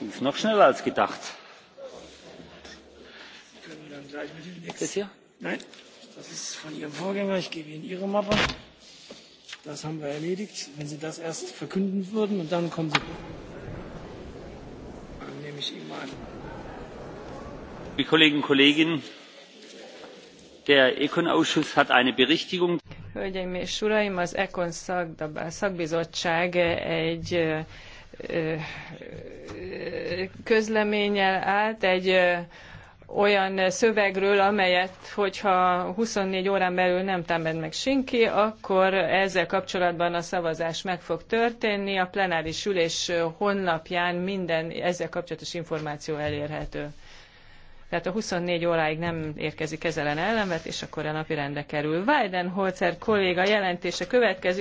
ist noch schneller als gedacht. Wir können dann gleich mit dem nächsten. Das hier? Nein, das ist von Ihrem Vorgänger. Ich gebe Ihnen Ihre Mappe. Das haben wir erledigt. Wenn Sie das erst verkünden würden und dann kommen Sie. Dann nehme ich Ihnen mal an. Liebe Kolleginnen und Kollegen, der Econ Ausschuss hat eine Berichtigung. Hölgyeim és Uraim, az Econ szakbizottság egy közleménnyel állt egy olyan szövegről, amelyet, hogyha 24 órán belül nem támad meg senki, akkor ezzel kapcsolatban a szavazás meg fog történni. A plenáris ülés honlapján minden ezzel kapcsolatos információ elérhető. Tehát a 24 óráig nem érkezik ezzel ellenvetés, akkor a napirendre kerül. Weidenholzer kolléga jelentése következik.